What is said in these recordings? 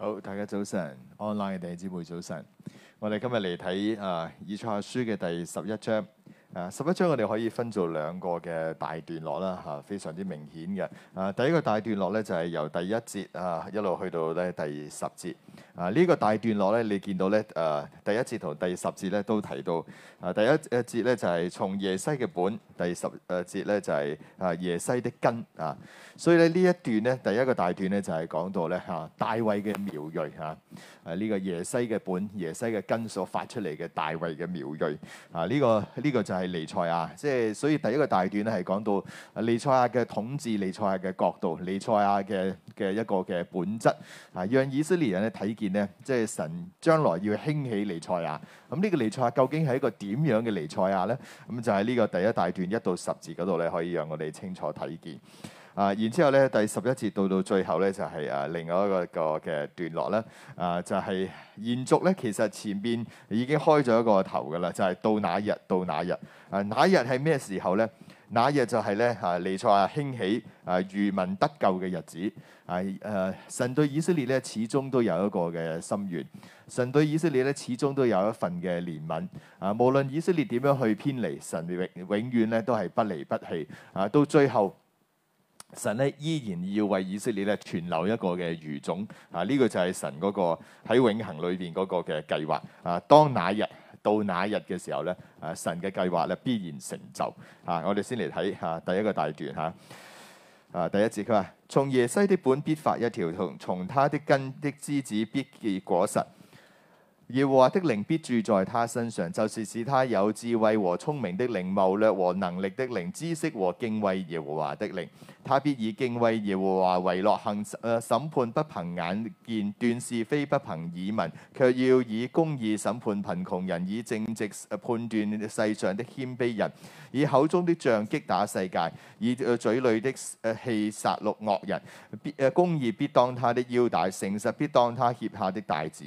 好，大家早晨，online 嘅弟兄姊妹早晨。我哋今日嚟睇啊以賽亞書嘅第十一章。啊，十一章我哋可以分做兩個嘅大段落啦，吓、啊、非常之明顯嘅。啊，第一個大段落咧就係、是、由第一節啊一路去到咧第十節。啊！呢、這個大段落咧，你見到咧，誒、啊、第一節同第十節咧都提到，誒、啊、第一誒節咧就係、是、從耶西嘅本，第十誒節咧就係、是、啊耶西的根啊，所以咧呢一段咧第一個大段咧就係、是、講到咧嚇、啊、大衛嘅苗裔啊，誒、啊、呢、這個耶西嘅本、耶西嘅根所發出嚟嘅大衛嘅苗裔啊，呢、這個呢、這個就係彌賽亞，即、就、係、是、所以第一個大段咧係講到彌賽亞嘅統治、彌賽亞嘅角度、彌賽亞嘅嘅一個嘅本質啊，讓以色列人咧睇見。即係神將來要興起彌賽亞，咁呢個彌賽亞究竟係一個點樣嘅彌賽亞呢？咁就喺呢個第一大段一到十字嗰度咧，可以讓我哋清楚睇見。啊，然之後咧，第十一節到到最後咧，就係、是、啊，另外一個嘅段落啦。啊，就係、是、延續咧。其實前邊已經開咗一個頭噶啦，就係、是、到哪日到哪日啊？哪日係咩時候呢？那一日就係咧，啊，以賽亞興起啊，餘民得救嘅日子。啊，誒、呃，神對以色列咧始終都有一個嘅心願，神對以色列咧始終都有一份嘅憐憫。啊，無論以色列點樣去偏離，神永永遠咧都係不離不棄。啊，到最後，神咧依然要為以色列咧存留一個嘅餘種。啊，呢、這個就係神嗰個喺永恆裏邊嗰個嘅計劃。啊，當那日。到那日嘅時候咧，啊，神嘅計劃咧必然成就。啊，我哋先嚟睇下第一個大段嚇，啊，啊，第一節佢話：從耶西的本必發一條同，從他的根的枝子必結果實。耶和華的靈必住在他身上，就是使他有智慧和聰明的靈、謀略和能力的靈、知識和敬畏耶和華的靈。他必以敬畏耶和華為樂，行誒審判不憑眼見，斷是非不憑耳聞，卻要以公義審判貧窮人，以正直判斷世上的謙卑人，以口中的杖擊打世界，以嘴裏的誒氣殺戮惡人。必誒公義必當他的腰帶，誠實必當他脅下的帶子。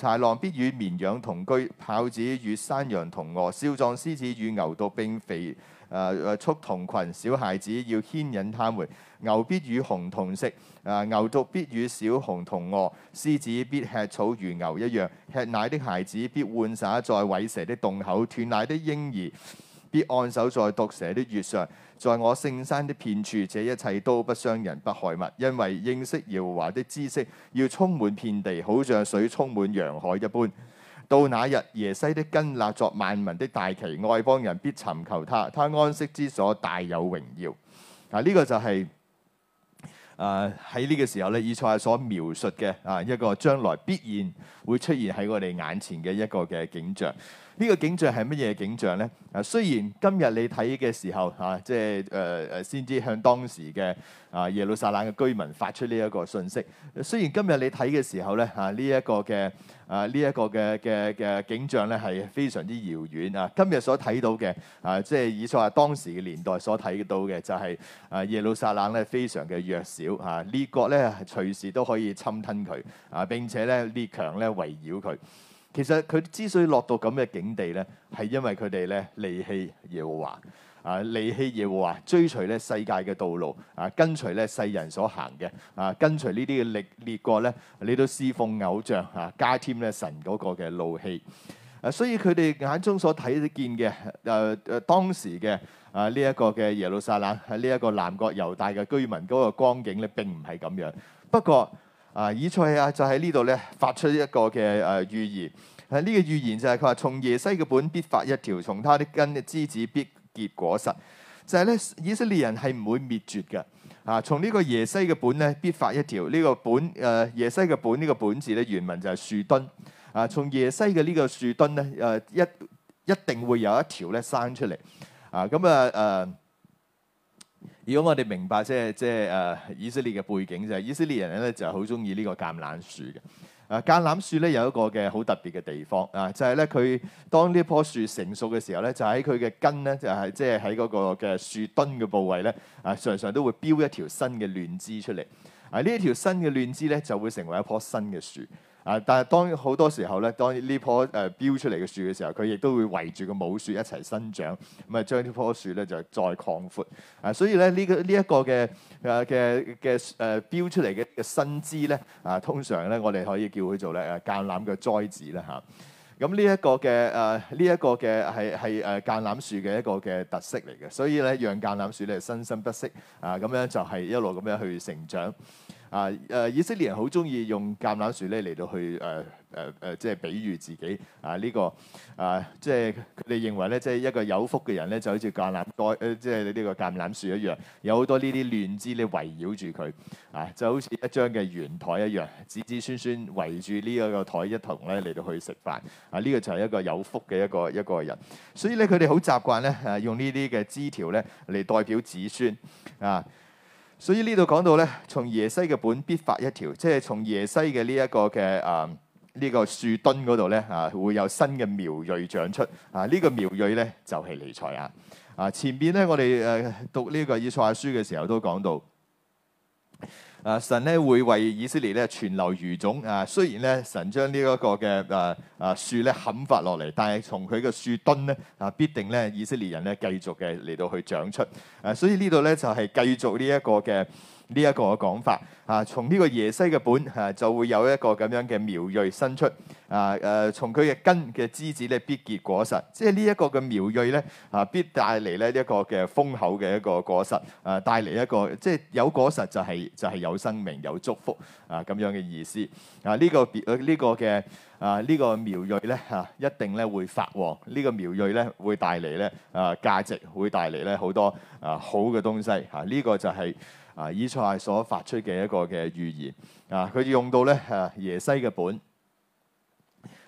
豺狼必與綿羊同居，豹子與山羊同卧，少壯獅子與牛犢並肥誒誒畜同群。小孩子要牽引他們。牛必與熊同食，誒、呃、牛犢必與小熊同卧，獅子必吃草如牛一樣，吃奶的孩子必玩耍在虺蛇的洞口，斷奶的嬰兒必按手在毒蛇的穴上。在我聖山的遍處，這一切都不傷人，不害物，因為認識耶和華的知識要充滿遍地，好像水充滿洋海一般。到那日，耶西的根立作萬民的大旗，外邦人必尋求他，他安息之所大有榮耀。嗱、啊，呢、這個就係啊喺呢個時候呢以賽亞所描述嘅啊一個將來必然會出現喺我哋眼前嘅一個嘅景象。呢個景象係乜嘢景象咧？啊，雖然今日你睇嘅時候，啊，即係誒誒，先知向當時嘅啊耶路撒冷嘅居民發出呢一個訊息。雖然今日你睇嘅時候咧，啊，呢、這、一個嘅啊呢一、這個嘅嘅嘅景象咧係非常之遙遠啊。今日所睇到嘅啊，即係以所話當時嘅年代所睇到嘅，就是，就係啊耶路撒冷咧非常嘅弱小啊，列國咧隨時都可以侵吞佢啊，並且咧列強咧圍繞佢。其實佢之所以落到咁嘅境地咧，係因為佢哋咧離棄耶和華啊，離棄耶和華，追隨咧世界嘅道路啊，跟隨咧世人所行嘅啊，跟隨呢啲嘅列列國咧，你都侍奉偶像啊，加添咧神嗰個嘅怒氣啊，所以佢哋眼中所睇見嘅誒誒當時嘅啊呢一個嘅耶路撒冷喺呢、啊、一個南國猶大嘅居民嗰個光景咧並唔係咁樣，不過。啊，以賽亞、啊、就喺呢度咧發出一個嘅誒預言，係、啊、呢、呢個預言就係佢話從耶西嘅本必發一條，從他啲根的枝子必結果實，就係、是、咧以色列人係唔會滅絕嘅。啊，從呢個耶西嘅本咧必發一條，呢、呢個本誒、呃、耶西嘅本呢個本字咧原文就係樹墩。啊，從耶西嘅呢個樹墩咧誒一一定會有一條咧生出嚟。啊，咁、嗯、啊誒。呃如果我哋明白即係即係誒以色列嘅背景，就係、是、以色列人咧就係好中意呢個橄欖樹嘅。誒、啊、橄欖樹咧有一個嘅好特別嘅地方啊，就係咧佢當呢棵樹成熟嘅時候咧，就喺佢嘅根咧、啊、就係即係喺嗰個嘅樹墩嘅部位咧啊，常常都會標一條新嘅嫩枝出嚟。啊，呢一條新嘅嫩枝咧就會成為一棵新嘅樹。啊！但係當好多時候咧，當呢棵誒標出嚟嘅樹嘅時候，佢亦都會圍住個母樹一齊生長，咁啊將呢棵樹咧就再擴闊。啊！所以咧呢、呢個呢一、呢個嘅誒嘅嘅誒標出嚟嘅新枝咧，啊通常咧我哋可以叫佢做咧橄欖嘅栽子啦嚇。咁、啊、呢、啊啊呢個啊、一個嘅誒呢一個嘅係係誒橄欖樹嘅一個嘅特色嚟嘅，所以咧讓橄欖樹咧生生不息啊！咁樣就係一路咁樣去成長。啊誒，以色列人好中意用橄欖樹咧嚟到去誒誒誒，即係比喻自己啊呢個啊，這個呃、即係佢哋認為咧，即係一個有福嘅人咧，就好似橄欖該誒、呃，即係呢個橄欖樹一樣，有好多呢啲亂枝咧圍繞住佢啊，就好似一張嘅圓台一樣，子子孫孫圍住呢一個台一同咧嚟到去食飯啊，呢、這個就係一個有福嘅一個一個人，所以咧佢哋好習慣咧啊，用呢啲嘅枝條咧嚟代表子孫啊。啊所以呢度講到咧，從耶西嘅本必發一條，即係從耶西嘅呢一個嘅啊呢、這個樹墩嗰度咧啊，會有新嘅苗裔長出啊，呢、這個苗裔咧就係彌賽亞啊啊！前面咧我哋誒、啊、讀呢、這個以賽亞書嘅時候都講到。啊！神咧會為以色列咧存留餘種啊！雖然咧神將、啊、呢一個嘅誒誒樹咧砍伐落嚟，但係從佢嘅樹墩咧啊，必定咧以色列人咧繼續嘅嚟到去長出啊！所以呢度咧就係、是、繼續呢一個嘅。呢一個嘅講法啊，從呢個耶西嘅本啊，就會有一個咁樣嘅苗裔伸出啊。誒、呃，從佢嘅根嘅枝子咧，必結果實。即係呢一個嘅苗裔咧啊，必帶嚟咧一個嘅豐厚嘅一個果實啊，帶嚟一個即係有果實就係、是、就係、是、有生命有祝福啊咁樣嘅意思啊。呢、這個別呢、啊這個嘅啊呢、這個苗裔咧嚇一定咧會發旺。呢、這個苗裔咧會帶嚟咧啊價值會帶嚟咧好多啊好嘅東西嚇。呢、啊這個就係、是。啊，以賽所發出嘅一個嘅預言，啊，佢用到咧，啊耶西嘅本，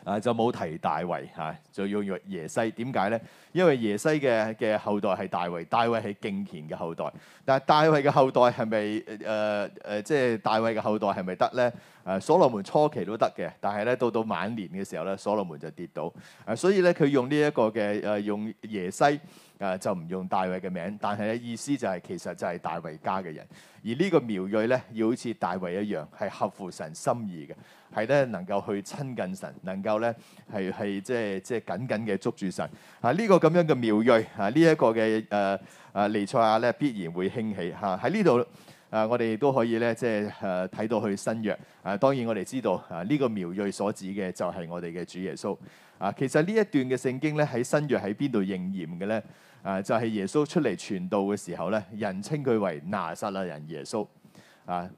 啊就冇提大衛，啊就用耶西。點解咧？因為耶西嘅嘅後代係大衛，大衛係敬虔嘅後代。但係大衛嘅後代係咪誒誒誒，即、呃、係、呃就是、大衛嘅後代係咪得咧？誒、啊、所羅門初期都得嘅，但係咧到到晚年嘅時候咧，所羅門就跌倒。啊，所以咧佢用呢一個嘅誒、啊、用耶西。啊，就唔用大衛嘅名，但係咧意思就係、是、其實就係大衛家嘅人，而呢個苗裔咧，要好似大衛一樣，係合乎神心意嘅，係咧能夠去親近神，能夠咧係係即係即係緊緊嘅捉住神啊！呢、這個咁樣嘅苗裔啊，呢、這、一個嘅誒誒尼塞亞咧必然會興起吓，喺呢度誒我哋都可以咧即係誒睇到去新約啊，當然我哋知道啊呢、這個苗裔所指嘅就係我哋嘅主耶穌啊。其實呢一段嘅聖經咧喺新約喺邊度應驗嘅咧？啊，就係、是、耶穌出嚟傳道嘅時候咧，人稱佢為拿撒勒人耶穌。啊，呢、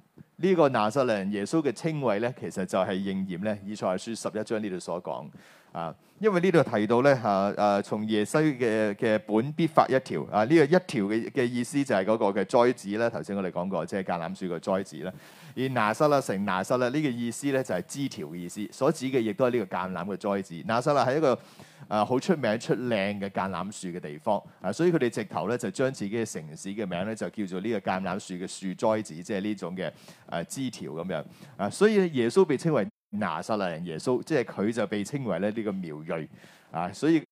這個拿撒勒人耶穌嘅稱謂咧，其實就係應驗咧，以賽亞書十一章呢度所講。啊，因為呢度提到咧，嚇誒從耶西嘅嘅本必發一條。啊，呢、啊啊這個一條嘅嘅意思就係嗰個嘅栽子咧。頭先我哋講過，即、就、係、是、橄欖樹嘅栽子咧。而拿撒勒城，拿撒勒呢個意思咧，就係枝條嘅意思，所指嘅亦都係呢個橄欖嘅栽子。拿撒勒係一個誒好、呃、出名出靚嘅橄欖樹嘅地方，啊，所以佢哋直頭咧就將自己嘅城市嘅名咧就叫做呢個橄欖樹嘅樹栽子，即係呢種嘅誒、啊、枝條咁樣啊，所以耶穌被稱為拿撒勒人耶穌，即係佢就被稱為咧呢個苗裔啊，所以。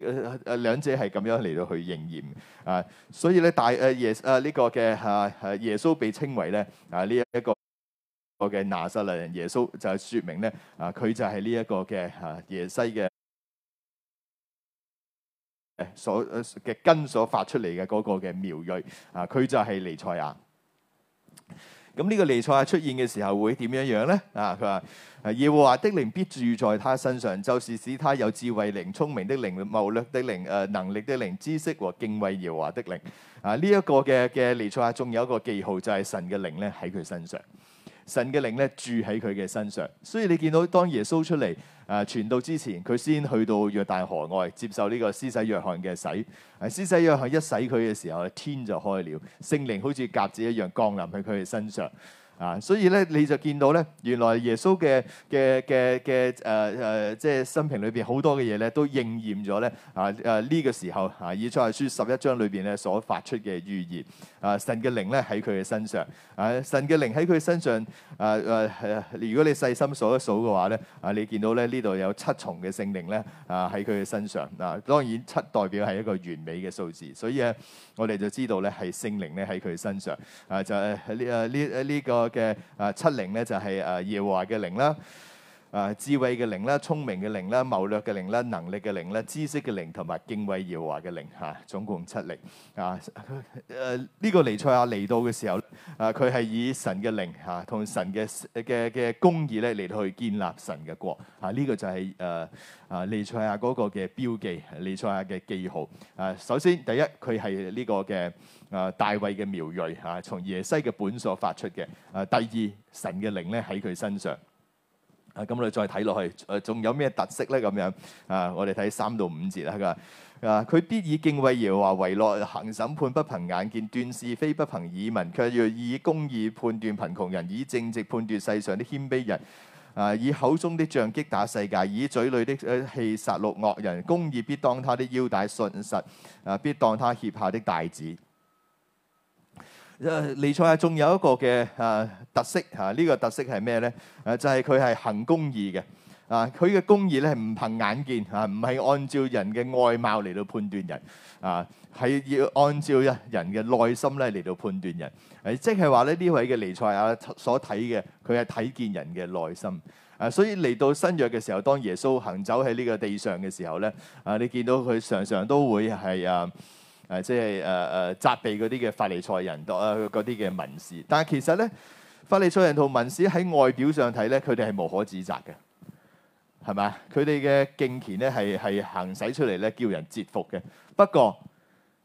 誒誒兩者係咁樣嚟到去應驗啊，所以咧大誒耶誒、啊這個啊、呢、啊這個嘅嚇係耶穌被稱為咧啊呢一個個嘅拿撒勒人耶穌就係説明咧啊佢就係呢一個嘅嚇耶西嘅誒、啊、所嘅、啊、根所發出嚟嘅嗰個嘅苗裔啊，佢就係彌賽亞。咁呢個尼賽亞出現嘅時候會點樣樣咧？啊，佢話耶和華的靈必住在他身上，就是使他有智慧靈、聰明的靈、謀略的靈、誒、呃、能力的靈、知識和敬畏耶和華的靈。啊、呢、這、一個嘅嘅尼賽亞仲有一個記號，就係、是、神嘅靈咧喺佢身上。神嘅靈咧住喺佢嘅身上，所以你見到當耶穌出嚟誒傳道之前，佢先去到約旦河外接受呢個施洗約翰嘅洗。啊，施洗約翰一洗佢嘅時候，天就開了，聖靈好似鴿子一樣降臨喺佢嘅身上。啊，所以咧你就見到咧，原來耶穌嘅嘅嘅嘅誒誒，即係生平裏邊好多嘅嘢咧，都應驗咗咧。啊誒呢個時候啊，以賽書十一章裏邊咧所發出嘅預言，啊神嘅靈咧喺佢嘅身上，啊神嘅靈喺佢身上，啊啊係如果你細心數一數嘅話咧，啊你見到咧呢度有七重嘅聖靈咧，啊喺佢嘅身上。啊當然七代表係一個完美嘅數字，所以咧我哋就知道咧係聖靈咧喺佢身上。啊就係呢誒呢誒呢個。嘅誒、呃、七零咧，就係誒耶和華嘅零啦。啊，智慧嘅靈啦，聰明嘅靈啦，謀略嘅靈啦，能力嘅靈啦，知識嘅靈同埋敬畏耀華嘅靈嚇，總共七靈啊！誒，呢個尼賽亞嚟到嘅時候，啊，佢係以神嘅靈嚇，同、啊、神嘅嘅嘅公義咧嚟到去建立神嘅國嚇，呢、啊這個就係誒誒尼賽亞嗰個嘅標記，尼賽亞嘅記號。誒、啊，首先第一，佢係呢個嘅誒、啊、大衛嘅苗裔嚇、啊，從耶西嘅本所發出嘅。誒、啊，第二，神嘅靈咧喺佢身上。咁、啊、我哋再睇落去，誒仲有咩特色咧？咁樣啊，我哋睇三到五節啦。佢、啊、話：佢必以敬畏耶和華為樂，行審判不憑眼見，斷是非不憑耳聞，卻要以公義判斷貧窮人，以正直判斷世上的謙卑人。啊！以口中的杖擊打世界，以嘴裏的氣殺戮惡人。公義必當他的腰帶，信實啊！必當他脅下的帶子。誒尼賽亞仲有一個嘅誒特色嚇，呢個特色係咩咧？誒就係佢係行公義嘅，啊佢嘅公義咧係唔憑眼見嚇，唔係按照人嘅外貌嚟到判斷人，啊係要按照人人嘅內心咧嚟到判斷人。誒即係話咧呢位嘅尼賽亞所睇嘅，佢係睇見人嘅內心。誒所以嚟到新約嘅時候，當耶穌行走喺呢個地上嘅時候咧，啊你見到佢常常都會係啊～誒即係誒誒責備嗰啲嘅法利賽人多啊嗰啲嘅文士，但係其實咧，法利賽人同文士喺外表上睇咧，佢哋係無可指責嘅，係咪啊？佢哋嘅敬虔咧係係行使出嚟咧，叫人折服嘅。不過，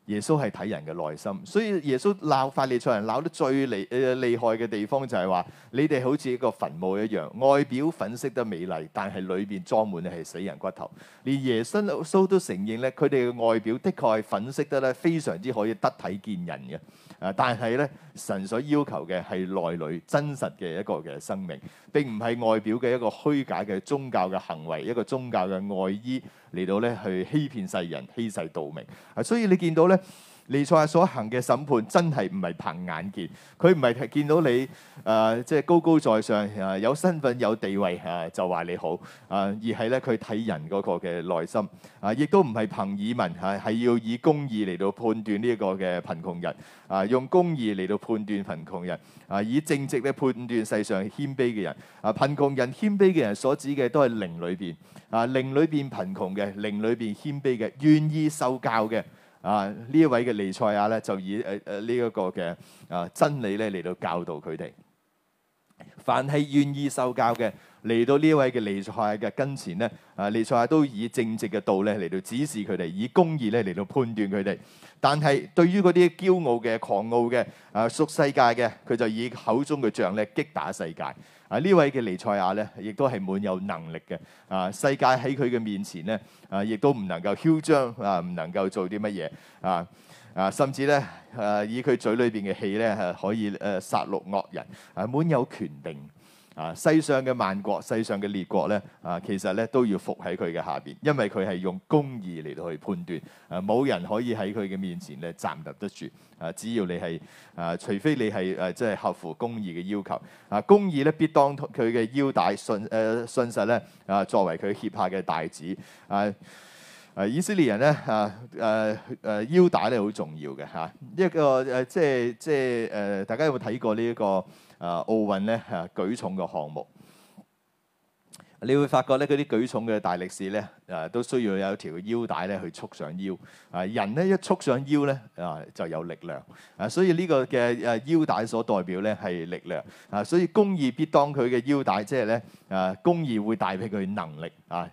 耶穌係睇人嘅內心，所以耶穌鬧法利賽人鬧得最厲誒厲害嘅地方就係話：你哋好似一個墳墓一樣，外表粉飾得美麗，但係裏邊裝滿嘅係死人骨頭。連耶穌都承認咧，佢哋嘅外表的確係粉飾得咧非常之可以得體見人嘅。啊！但係咧，神所要求嘅係內裏真實嘅一個嘅生命，並唔係外表嘅一個虛假嘅宗教嘅行為，一個宗教嘅外衣嚟到咧去欺騙世人、欺世盜名。啊！所以你見到咧。尼賽所行嘅審判真係唔係憑眼見，佢唔係見到你誒即係高高在上啊，有身份有地位啊就話你好啊，而係咧佢睇人嗰個嘅內心啊，亦都唔係憑耳聞啊，係要以公義嚟到判斷呢個嘅貧窮人啊，用公義嚟到判斷貧窮人啊，以正直嘅判斷世上謙卑嘅人啊，貧窮人謙卑嘅人所指嘅都係靈裏邊啊，靈裏邊貧窮嘅、靈裏邊謙卑嘅、願意受教嘅。啊！呢一位嘅彌賽亞咧，就以誒誒呢一個嘅啊真理咧嚟到教導佢哋。凡係願意受教嘅，嚟到呢一位嘅彌賽亞嘅跟前咧，啊彌賽亞都以正直嘅道咧嚟到指示佢哋，以公義咧嚟到判斷佢哋。但係對於嗰啲驕傲嘅、狂傲嘅、啊屬世界嘅，佢就以口中嘅杖咧擊打世界。啊！位呢位嘅尼賽亞咧，亦都係滿有能力嘅。啊，世界喺佢嘅面前咧，啊，亦都唔能夠囂張啊，唔能夠做啲乜嘢啊啊！甚至咧，誒、啊、以佢嘴裏邊嘅氣咧，係、啊、可以誒、啊、殺戮惡人，係、啊、滿有權柄。啊，世上嘅萬國，世上嘅列國咧，啊，其實咧都要伏喺佢嘅下邊，因為佢係用公義嚟到去判斷，啊，冇人可以喺佢嘅面前咧站立得住，啊，只要你係啊，除非你係誒，即、啊、係、即係、合乎公義嘅要求，啊，公義咧必當佢嘅腰帶信誒、呃、信實咧，啊，作為佢脅下嘅帶子，啊啊，以色列人咧啊誒誒、啊、腰帶咧好重要嘅嚇、啊，一個誒、啊、即係即係誒、啊，大家有冇睇過呢、呢、一個？啊！奧運咧、啊，舉重嘅項目，你會發覺咧，嗰啲舉重嘅大力士咧，啊，都需要有一條腰帶咧去束上腰。啊，人咧一束上腰咧，啊，就有力量。啊，所以呢個嘅誒腰帶所代表咧係力量。啊，所以公義必當佢嘅腰帶，即係咧，啊，公義會帶俾佢能力。啊，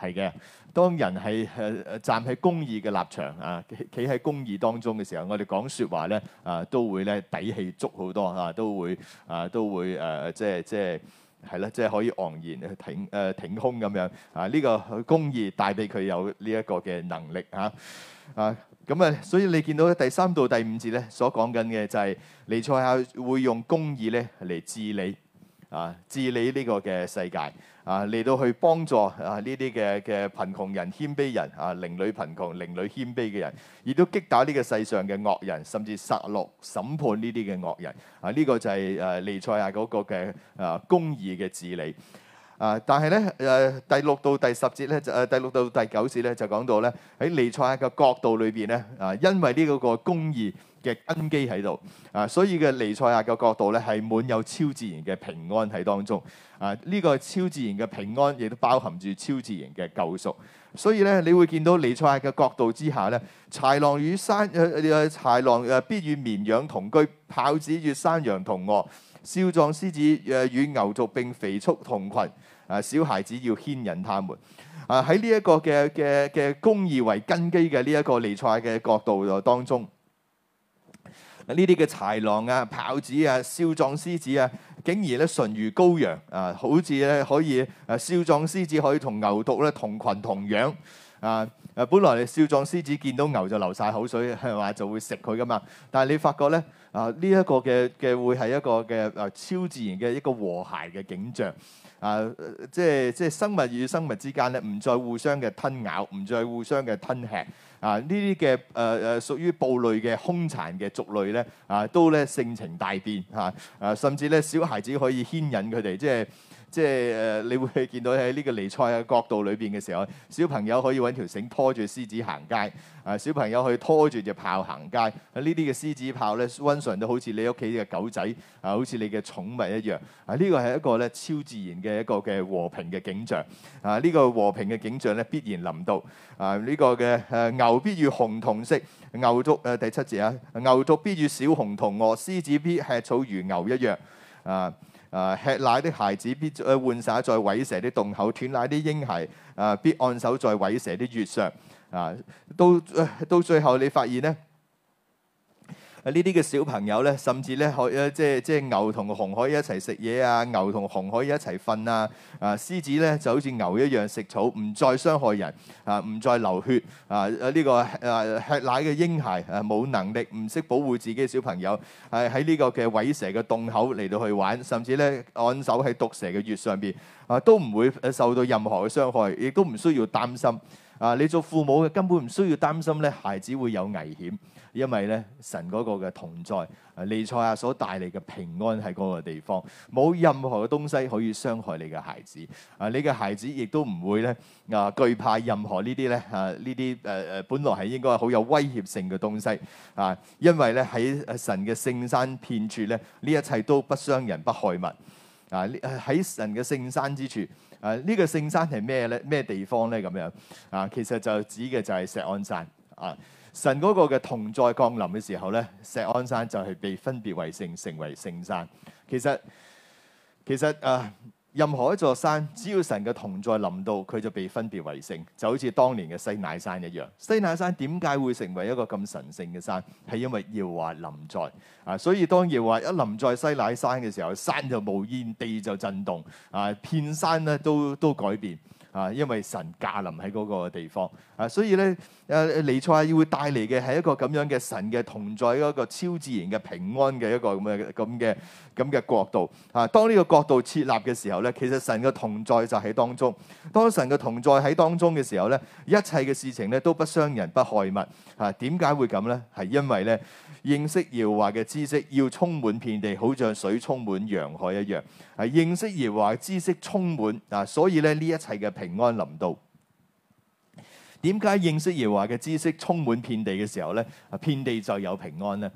係嘅。當人係誒站喺公義嘅立場啊，企喺公義當中嘅時候，我哋講説話咧啊，都會咧底氣足好多啊，都會啊都會誒，即係即係係啦，即係可以昂然挺誒挺胸咁樣啊。呢、啊這個公義帶俾佢有呢一個嘅能力啊啊。咁啊，所以你見到第三到第五節咧所講緊嘅就係、是、彌賽亞會用公義咧嚟治理啊，治理呢個嘅世界。啊，嚟到去幫助啊呢啲嘅嘅貧窮人、謙卑人啊，鄰裏貧窮、鄰裏謙卑嘅人，亦都擊打呢個世上嘅惡人，甚至殺戮審判呢啲嘅惡人。啊，呢、這個就係誒彌賽亞嗰個嘅啊公義嘅治理。啊，但係咧誒第六到第十節咧，就、啊、誒第六到第九節咧，就講到咧喺彌賽亞嘅角度裏邊咧啊，因為呢個個公義。嘅根基喺度啊，所以嘅彌賽亞嘅角度咧，係滿有超自然嘅平安喺當中啊！呢、這個超自然嘅平安亦都包含住超自然嘅救贖，所以咧，你會見到彌賽亞嘅角度之下咧，豺狼與山、啊、豺狼誒必與綿羊同居，豹子與山羊同臥，少壯獅子誒與牛犢並肥畜同群。啊！小孩子要牽引他們啊！喺呢一個嘅嘅嘅公義為根基嘅呢一個彌賽亞嘅角度當中。呢啲嘅豺狼啊、豹子啊、少壯獅子啊，竟然咧順如羔羊啊，好似咧可以誒少、啊、壯獅子可以同牛犢咧同群同養啊！誒本來少壯獅子見到牛就流晒口水，係咪就會食佢㗎嘛。但係你發覺咧啊，呢、這個、一個嘅嘅會係一個嘅誒超自然嘅一個和諧嘅景象啊！即係即係生物與生物之間咧，唔再互相嘅吞咬，唔再互相嘅吞吃。啊！呢啲嘅誒誒，屬、呃、於暴類嘅凶殘嘅族類咧，啊都咧性情大變吓。啊，啊甚至咧小孩子可以牽引佢哋，即係。即係誒，你會見到喺呢個彌賽亞嘅國度裏邊嘅時候，小朋友可以揾條繩拖住獅子行街，啊，小朋友去拖住隻豹行街，喺呢啲嘅獅子豹咧，溫順到好似你屋企嘅狗仔，啊，好似你嘅寵物一樣，啊，呢個係一個咧超自然嘅一個嘅和平嘅景象，啊，呢、這個和平嘅景象咧必然臨到，啊，呢、這個嘅誒、啊、牛必與熊同食，牛犢誒、啊、第七節啊，牛犢必與小熊同臥，獅子必吃草如牛一樣，啊。誒、啊，吃奶啲孩子必誒、呃、玩耍在虺蛇啲洞口，斷奶啲嬰孩誒、啊，必按手在虺蛇啲穴上啊，到誒、呃、到最後你發現咧。呢啲嘅小朋友咧，甚至咧可，即係即係牛同熊可以一齊食嘢啊，牛同熊可以一齊瞓啊！啊，獅子咧就好似牛一樣食草，唔再傷害人啊，唔再流血啊！呢、這個啊，吃奶嘅嬰孩啊，冇能力，唔識保護自己嘅小朋友，係喺呢個嘅虺蛇嘅洞口嚟到去玩，甚至咧按手喺毒蛇嘅穴上邊，啊，都唔會受到任何嘅傷害，亦都唔需要擔心。啊！你做父母嘅根本唔需要擔心咧，孩子會有危險，因為咧神嗰個嘅同在、啊、彌賽亞所帶嚟嘅平安喺嗰個地方，冇任何嘅東西可以傷害你嘅孩子。啊，你嘅孩子亦都唔會咧啊，懼怕任何呢啲咧啊呢啲誒誒，本來係應該好有威脅性嘅東西啊，因為咧喺神嘅聖山遍處咧，呢一切都不傷人不害物啊！喺神嘅聖山之處。誒、啊這個、呢個聖山係咩咧？咩地方咧？咁樣啊，其實就指嘅就係錫安山啊！神嗰個嘅同在降臨嘅時候咧，錫安山就係被分別為聖，成為聖山。其實其實啊。任何一座山，只要神嘅同在臨到，佢就被分別為聖，就好似當年嘅西乃山一樣。西乃山點解會成為一個咁神聖嘅山？係因為耶和華臨在啊，所以當耶和華一臨在西乃山嘅時候，山就冒煙，地就震動啊，片山咧都都改變。啊，因為神降臨喺嗰個地方啊，所以咧誒、啊，尼賽亞要會帶嚟嘅係一個咁樣嘅神嘅同在，一個超自然嘅平安嘅一個咁嘅咁嘅咁嘅國度啊。當呢個國度設立嘅時候咧，其實神嘅同在就喺當中。當神嘅同在喺當中嘅時候咧，一切嘅事情咧都不傷人不害物啊。點解會咁咧？係因為咧。認識耶和華嘅知識要充滿遍地，好像水充滿洋海一樣。係、啊、認識耶和華嘅知識充滿啊，所以咧呢一切嘅平安臨到。點解認識耶和華嘅知識充滿遍地嘅時候咧、啊，遍地就有平安咧？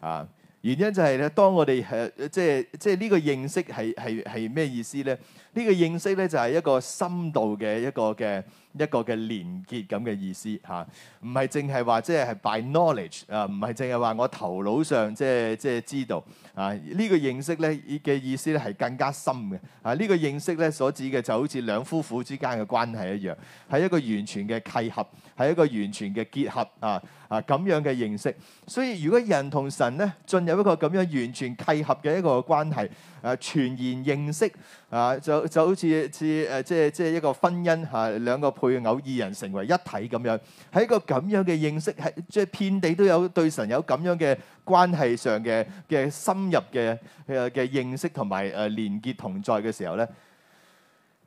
啊，原因就係、是、咧，當我哋係、啊、即係即係呢個認識係係係咩意思咧？呢、這個認識咧就係、是、一個深度嘅一個嘅。一個嘅連結咁嘅意思嚇，唔係淨係話即係係 by knowledge 啊，唔係淨係話我頭腦上即係即係知道啊。呢個認識咧嘅意思咧係更加深嘅啊。呢個認識咧所指嘅就好似兩夫婦之間嘅關係一樣，係一個完全嘅契合，係一個完全嘅結合啊，啊，咁樣嘅認識。所以如果人同神咧進入一個咁樣完全契合嘅一個關係。誒、啊、全然認識啊，就就好似似誒即係即係一個婚姻嚇、啊、兩個配偶二人成為一體。咁樣，喺個咁樣嘅認識係即係遍地都有對神有咁樣嘅關係上嘅嘅深入嘅嘅、啊、認識同埋誒連結同在嘅時候咧，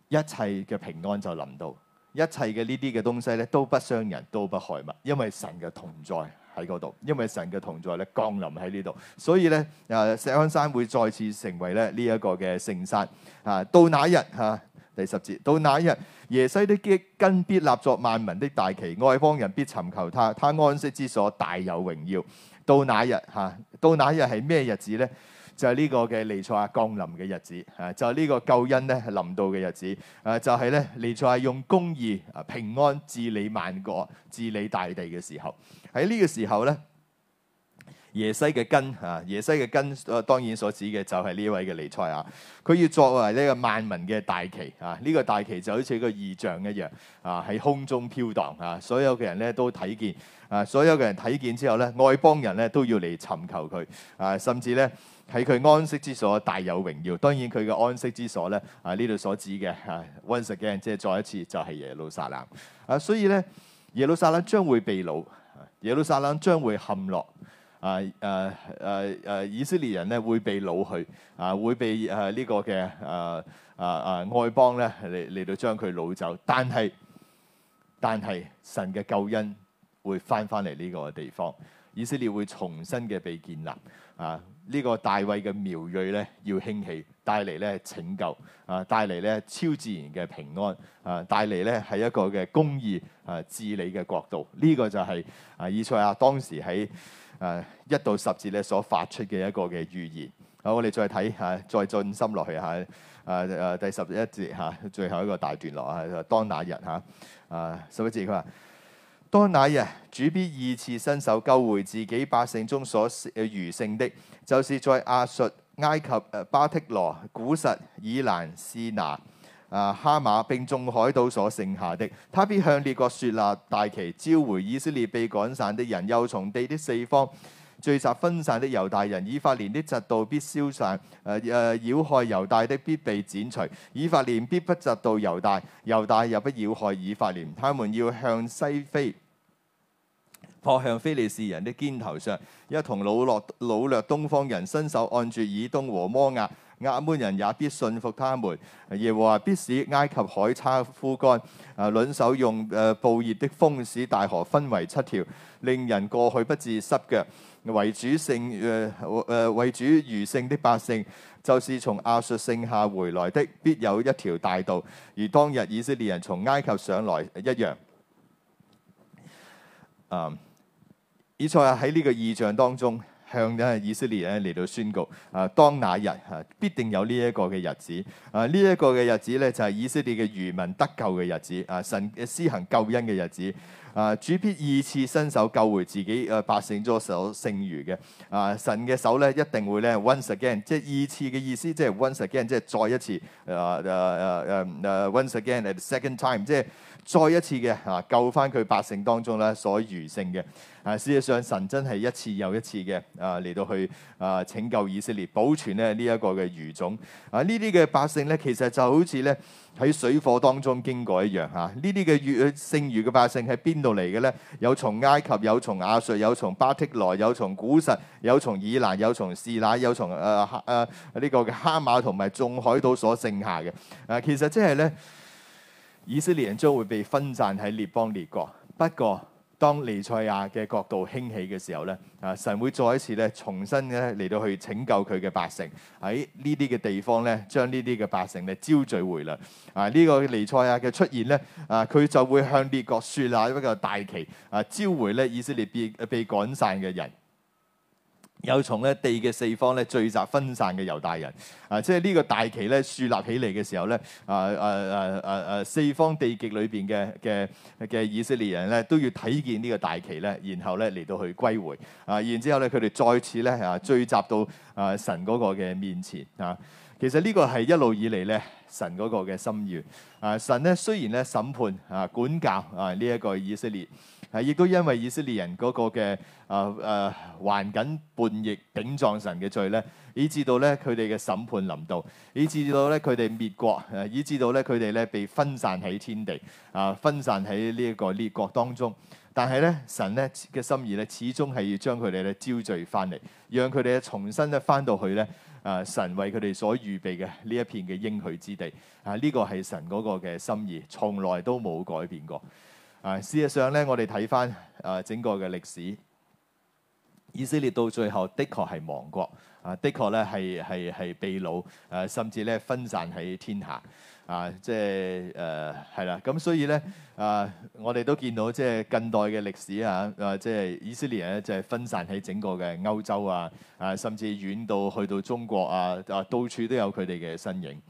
一切嘅平安就臨到，一切嘅呢啲嘅東西咧都不傷人，都不害物，因為神嘅同在。喺嗰度，因為神嘅同在咧，降臨喺呢度，所以咧，啊，錫安山會再次成為咧呢一、這個嘅聖山啊。到那一日嚇、啊，第十節，到那一日，耶西的基根必立作萬民的大旗，外邦人必尋求他，他安息之所大有榮耀。到那一日嚇、啊，到那一日係咩日子咧？就係呢個嘅彌賽亞降臨嘅日子，啊，就係、是、呢個救恩咧，係臨到嘅日子。啊，就係咧，彌賽亞用公義啊，平安治理萬國，治理大地嘅時候，喺呢個時候咧，耶西嘅根啊，耶西嘅根，當然所指嘅就係呢位嘅彌賽亞。佢要作為呢個萬民嘅大旗啊，呢、這個大旗就好似個異象一樣啊，喺空中飄蕩啊，所有嘅人咧都睇見啊，所有嘅人睇見之後咧，外邦人咧都要嚟尋求佢啊，甚至咧。喺佢安息之所大有榮耀。當然佢嘅安息之所咧，啊呢度所指嘅啊 once again，即係再一次就係、是、耶路撒冷啊。Uh, 所以咧，耶路撒冷將會被擄，耶路撒冷將會陷落。啊啊啊啊！以色列人咧會被擄去啊，會被啊、這個、啊，啊愛呢個嘅啊啊啊外邦咧嚟嚟到將佢擄走。但係但係神嘅救恩會翻翻嚟呢個地方，以色列會重新嘅被建立啊。呢個大衞嘅苗裔咧，要興起，帶嚟咧拯救，啊，帶嚟咧超自然嘅平安，啊，帶嚟咧係一個嘅公義啊治理嘅國度。呢、這個就係、是、啊以賽亞當時喺誒、啊、一到十節咧所發出嘅一個嘅預言。好，我哋再睇下、啊，再進深落去下，誒、啊、誒、啊、第十一節嚇、啊，最後一個大段落啊，當那日嚇啊十一節佢話。多乃呀，那日主必二次伸手救回自己百姓中所餘剩的，就是在亞述、埃及、巴剔羅、古實、以蘭、斯拿、啊哈馬並眾海島所剩下的。他必向列國豎立大旗召回以色列被趕散的人，又從地的四方聚集分散的猶大人，以法蓮的嫉妒必消散，誒、呃、誒，擾害猶大的必被剪除，以法蓮必不嫉妒猶大，猶大也不擾害以法蓮。他們要向西飛。撲向非利士人的肩頭上，一同老掠擄掠東方人，伸手按住以東和摩押、亞捫人，也必信服他們。耶和華必使埃及海叉枯乾，啊，兩手用誒暴熱的風使大河分為七條，令人過去不至濕腳。為主聖誒誒為主餘剩的百姓，就是從亞述剩下回來的，必有一條大道，如當日以色列人從埃及上來一樣。啊！以賽亞喺呢個意象當中，向咧以色列咧嚟到宣告：啊，當那日啊，必定有呢一個嘅日子。啊，呢、這、一個嘅日子咧，就係、是、以色列嘅餘民得救嘅日子。啊，神施行救恩嘅日子。啊，主必二次伸手救回自己嘅百姓中所剩餘嘅。啊，神嘅手咧，一定會咧，once again，即係二次嘅意思，即係 once again，即係再一次。啊、uh，啊、uh，啊、uh，啊 once again，at second time，即係。再一次嘅嚇救翻佢百姓當中咧，所餘剩嘅啊，事實上神真係一次又一次嘅啊，嚟到去啊拯救以色列，保存咧呢一個嘅餘種啊。呢啲嘅百姓咧，其實就好似咧喺水火當中經過一樣嚇。呢啲嘅餘剩餘嘅百姓喺邊度嚟嘅咧？有從埃及，有從亞述，有從巴忒羅，有從古實，有從以攔，有從示拿，有從誒誒呢個嘅哈馬同埋眾海島所剩下嘅啊。其實即係咧。以色列人將會被分散喺列邦列國。不過，當尼賽亞嘅國度興起嘅時候咧，啊，神會再一次咧重新咧嚟到去拯救佢嘅百姓喺呢啲嘅地方咧，將呢啲嘅百姓咧招聚回來。啊，呢、這個尼賽亞嘅出現咧，啊，佢就會向列國説下一個大旗，啊，招回咧以色列被被趕散嘅人。有從咧地嘅四方咧聚集分散嘅猶大人，啊，即係呢個大旗咧樹立起嚟嘅時候咧，啊啊啊啊啊，四方地極裏邊嘅嘅嘅以色列人咧都要睇見呢個大旗咧，然後咧嚟到去歸回，啊，然之後咧佢哋再次咧啊聚集到啊神嗰個嘅面前啊，其實呢個係一路以嚟咧。神嗰個嘅心意，啊神咧雖然咧審判啊管教啊呢一、這個以色列，係、啊、亦都因為以色列人嗰個嘅啊啊還緊叛逆頂撞神嘅罪咧，以致到咧佢哋嘅審判臨到，以致到咧佢哋滅國，啊、以致到咧佢哋咧被分散喺天地啊分散喺呢一個列國當中，但係咧神咧嘅心意咧始終係要將佢哋咧招聚翻嚟，讓佢哋咧重新咧翻到去咧。啊！神為佢哋所預備嘅呢一片嘅應許之地，啊呢個係神嗰個嘅心意，從來都冇改變過。啊，事實上咧，我哋睇翻啊整個嘅歷史，以色列到最後的確係亡國，啊的確咧係係係被擄，啊甚至咧分散喺天下。啊，即係誒係啦，咁、呃、所以咧啊，我哋都見到即係近代嘅歷史嚇啊，即係以色列人咧就分散喺整個嘅歐洲啊，啊，甚至遠到去到中國啊，啊，到處都有佢哋嘅身影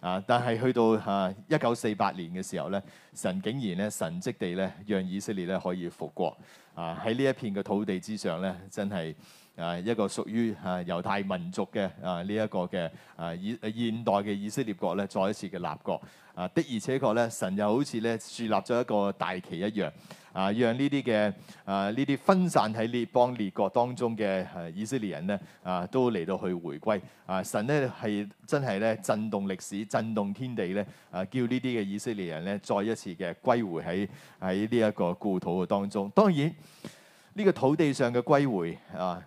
啊。但係去到啊一九四八年嘅時候咧，神竟然咧神跡地咧，讓以色列咧可以復國啊！喺呢一片嘅土地之上咧，真係～啊，一個屬於啊猶太民族嘅啊呢一個嘅啊以啊現代嘅以色列國咧，再一次嘅立國啊的而且確咧，神又好似咧樹立咗一個大旗一樣啊，讓呢啲嘅啊呢啲分散喺列邦列國當中嘅以色列人呢啊，都嚟到去回歸啊神呢係真係咧震動歷史、震動天地咧啊，叫呢啲嘅以色列人咧再一次嘅歸回喺喺呢一個故土嘅當中。當然呢個土地上嘅歸回啊。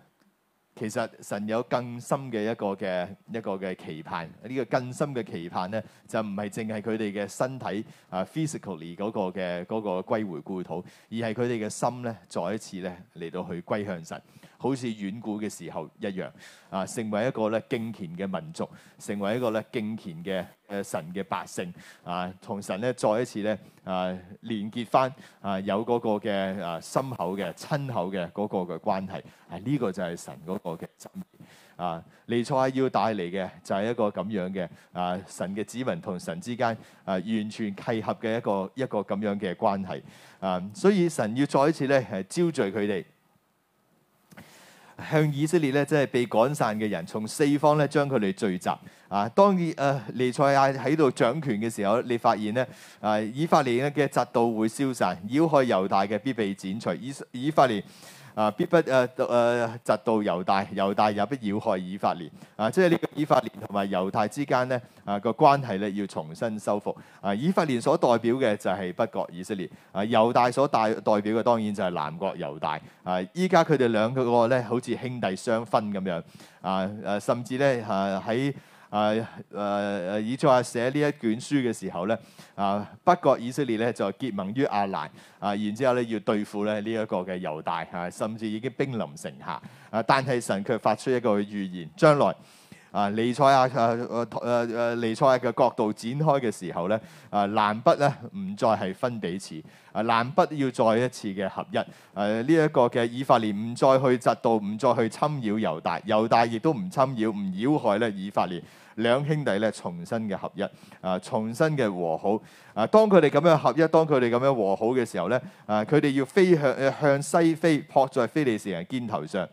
其實神有更深嘅一個嘅一個嘅期盼，呢個更深嘅期盼咧，就唔係淨係佢哋嘅身體啊、uh, physically 嗰個嘅嗰個歸回故土，而係佢哋嘅心咧，再一次咧嚟到去歸向神。好似遠古嘅時候一樣，啊，成為一個咧敬虔嘅民族，成為一個咧敬虔嘅誒、啊、神嘅百姓，啊，同神咧再一次咧啊連結返啊有嗰個嘅啊深厚嘅親口嘅嗰個嘅關係，啊呢、這個就係神嗰個嘅啊彌賽亞係要帶嚟嘅就係一個咁樣嘅啊神嘅子民同神之間啊完全契合嘅一個一個咁樣嘅關係啊，所以神要再一次咧係招聚佢哋。向以色列咧，即係被趕散嘅人，從四方咧將佢哋聚集。啊，當以誒、呃，彌賽亞喺度掌權嘅時候，你發現咧，啊，以法蓮嘅嫉妒會消散，擾害猶大嘅必被剪除。以以法蓮。啊！必不誒、誒，窒、呃呃、到猶大，猶大也不擾害以法蓮。啊，即係呢個以法蓮同埋猶大之間咧，啊個關係咧要重新修復。啊，以法蓮所代表嘅就係北國以色列，啊，猶大所代代表嘅當然就係南國猶大。啊，依家佢哋兩個咧好似兄弟相分咁樣。啊、誒、啊，甚至咧係喺。啊啊！誒誒，以賽亞寫呢一卷書嘅時候咧，啊，北國以色列咧就結盟於亞蘭，啊，然之後咧要對付咧呢一個嘅猶大，啊，甚至已經兵臨城下，啊，但係神卻發出一個預言，將來啊，彌賽亞誒誒誒誒彌賽亞嘅角度展開嘅時候咧，啊，南北咧唔再係分彼此，啊，南北要再一次嘅合一，誒呢一個嘅以法蓮唔再去嫉妒，唔再去侵擾猶大，猶大亦都唔侵擾，唔擾害咧以法蓮。兩兄弟咧重新嘅合一啊，重新嘅和好啊。當佢哋咁樣合一，當佢哋咁樣和好嘅時候咧啊，佢哋要飛向、呃、向西飛，撲在非利士人肩頭上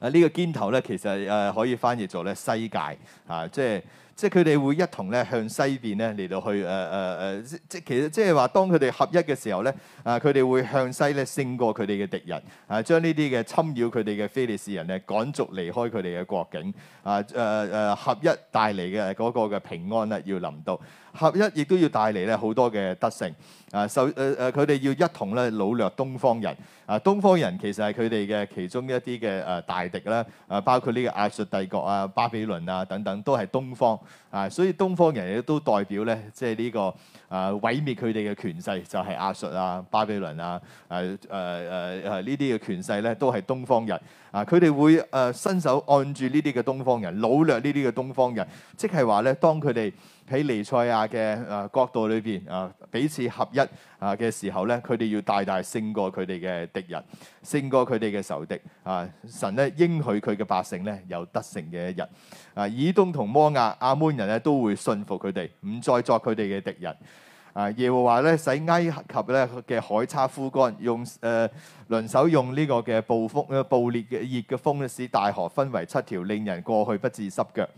啊。呢、這個肩頭咧，其實誒、啊、可以翻譯做咧世界啊，即係。即係佢哋會一同咧向西邊咧嚟到去誒誒誒，即係其實即係話當佢哋合一嘅時候咧，啊，佢哋會向西咧勝過佢哋嘅敵人，啊將呢啲嘅侵擾佢哋嘅非利士人咧趕逐離開佢哋嘅國境，啊誒誒、呃、合一帶嚟嘅嗰個嘅平安咧要臨到。合一亦都要帶嚟咧好多嘅德性啊！受誒誒佢哋要一同咧，擄掠東方人啊！東方人其實係佢哋嘅其中一啲嘅誒大敵啦！啊，包括呢個亞述帝國啊、巴比倫啊等等，都係東方啊！所以東方人亦都代表咧，即係呢個誒、啊、毀滅佢哋嘅權勢就係、是、亞述啊、巴比倫啊誒誒誒誒呢啲嘅權勢咧，都係東方人啊！佢哋會誒伸手按住呢啲嘅東方人，擄掠呢啲嘅東方人，即係話咧，當佢哋喺尼塞亞嘅誒國度裏邊啊，彼此合一啊嘅時候咧，佢哋要大大勝過佢哋嘅敵人，勝過佢哋嘅仇敵啊！神咧應許佢嘅百姓咧有得勝嘅一日啊！以東同摩押亞捫人咧都會信服佢哋，唔再作佢哋嘅敵人啊！耶和華咧使埃及咧嘅海叉枯乾用誒掄、呃、手用呢個嘅暴風、暴烈嘅熱嘅風，使大河分為七條，令人過去不至濕腳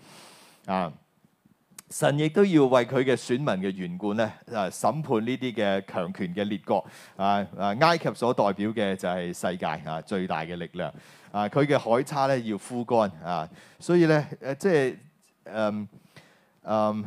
啊！神亦都要為佢嘅選民嘅緣故咧，誒、啊、審判呢啲嘅強權嘅列國啊！啊埃及所代表嘅就係世界啊，最大嘅力量啊，佢嘅海汊咧要枯乾啊，所以咧誒、啊、即係嗯嗯。嗯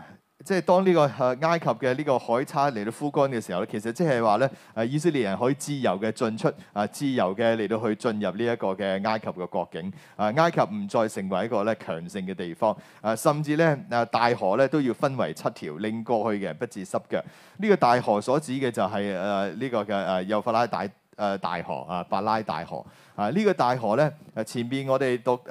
即係當呢個埃及嘅呢個海差嚟到枯乾嘅時候咧，其實即係話咧，啊以色列人可以自由嘅進出啊，自由嘅嚟到去進入呢一個嘅埃及嘅國境啊，埃及唔再成為一個咧強盛嘅地方啊，甚至咧啊大河咧都要分為七條，令過去嘅人不至濕腳。呢、這個大河所指嘅就係誒呢個嘅誒幼發拉大誒、啊、大河啊，伯拉大河。啊！呢、這個大河咧，誒前邊我哋讀誒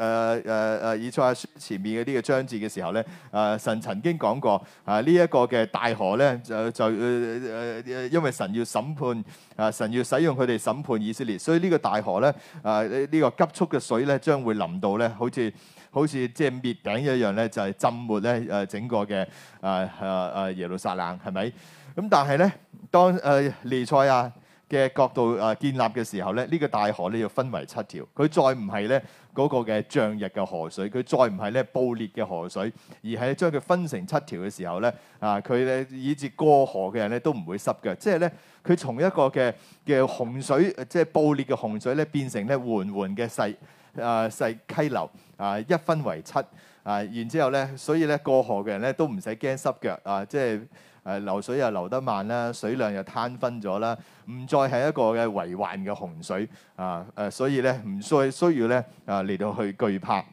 誒誒以賽亞書前邊嘅呢個章節嘅時候咧，誒、啊、神曾經講過，啊呢一、這個嘅大河咧，就就誒因為神要審判，啊神要使用佢哋審判以色列，所以呢個大河咧，啊呢、這個急速嘅水咧，將會淋到咧，好似好似即係滅頂一樣咧，就係、是、浸沒咧誒整個嘅誒誒耶路撒冷，係咪？咁、啊、但係咧，當誒以賽亞。啊嘅角度啊、呃，建立嘅時候咧，呢、這個大河咧要分為七條。佢再唔係咧嗰個嘅漲日嘅河水，佢再唔係咧暴裂嘅河水，而係將佢分成七條嘅時候咧，啊，佢咧以至過河嘅人咧都唔會濕腳。即係咧，佢從一個嘅嘅洪水，即係暴裂嘅洪水咧，變成咧緩緩嘅細啊細溪流啊，一分為七啊，然之後咧，所以咧過河嘅人咧都唔使驚濕腳啊，即係。誒流水又流得慢啦，水量又攤分咗啦，唔再係一個嘅遺患嘅洪水啊！誒、啊，所以咧唔再需要咧啊嚟到去懼怕呢、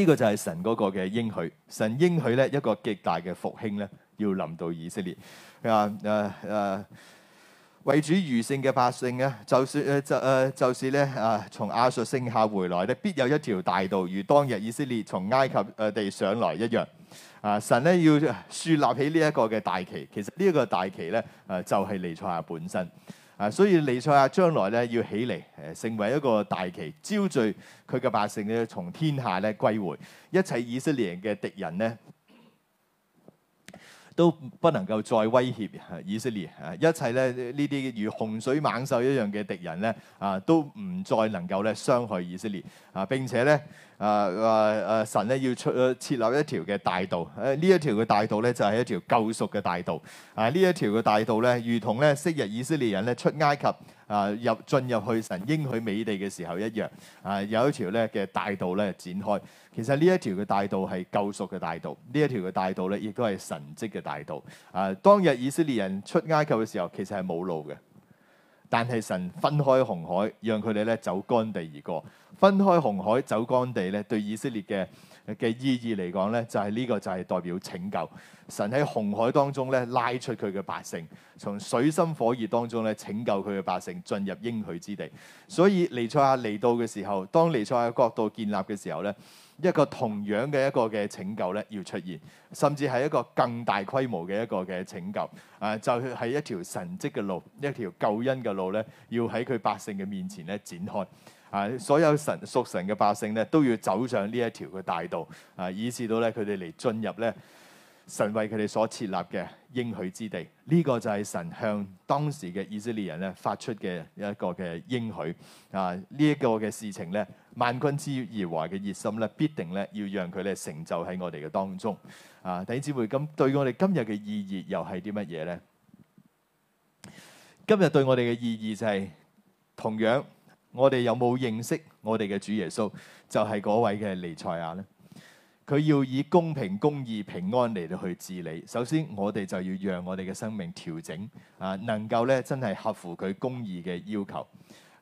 這個就係神嗰個嘅應許，神應許咧一個極大嘅復興咧要臨到以色列啊！誒、啊、誒、啊，為主餘剩嘅百姓咧，就算誒、呃、就誒、呃、就是咧啊，從亞述剩下回來咧，必有一條大道，如當日以色列從埃及誒地上來一樣。啊！神咧要樹立起呢一個嘅大旗，其實呢一個大旗咧，誒、啊、就係、是、尼賽亞本身。啊，所以尼賽亞將來咧要起嚟，誒、啊、成為一個大旗，招聚佢嘅百姓咧，從天下咧歸回，一切以色列嘅敵人咧。都不能夠再威脅以色列，一切咧呢啲如洪水猛獸一樣嘅敵人咧，啊，都唔再能夠咧傷害以色列啊！並且咧啊啊啊神咧要出設立一條嘅大道，啊，呢一條嘅大道咧就係，是，一條救贖嘅大道啊！呢一條嘅大道咧，如同咧昔日以色列人咧出埃及。啊！入，進入去神應許美地嘅時候一樣，啊，有一條咧嘅大道咧展開。其實呢一條嘅大道係救贖嘅大道，呢一條嘅大道咧亦都係神蹟嘅大道。啊，當日以色列人出埃及嘅時候，其實係冇路嘅，但係神分開紅海，讓佢哋咧走乾地而過。分開紅海走乾地咧，對以色列嘅嘅意義嚟講呢，就係、是、呢個就係代表拯救神喺紅海當中咧，拉出佢嘅百姓，從水深火熱當中咧拯救佢嘅百姓進入應許之地。所以彌賽亞嚟到嘅時候，當彌賽亞國度建立嘅時候呢，一個同樣嘅一個嘅拯救呢要出現，甚至係一個更大規模嘅一個嘅拯救啊，就係、是、一條神蹟嘅路，一條救恩嘅路呢，要喺佢百姓嘅面前咧展開。啊！所有神屬神嘅百姓咧，都要走上呢一條嘅大道啊，以致到咧佢哋嚟進入咧神為佢哋所設立嘅應許之地。呢、這個就係神向當時嘅以色列人咧發出嘅一個嘅應許啊！呢、這、一個嘅事情咧，萬軍之耶和華嘅熱心咧，必定咧要讓佢咧成就喺我哋嘅當中啊！弟兄姊妹，咁對我哋今日嘅意義又係啲乜嘢咧？今日對我哋嘅意義就係、是、同樣。我哋有冇認識我哋嘅主耶穌，就係嗰位嘅尼賽亞彌賽亞咧？佢要以公平、公義、平安嚟到去治理。首先，我哋就要讓我哋嘅生命調整啊，能夠咧真係合乎佢公義嘅要求。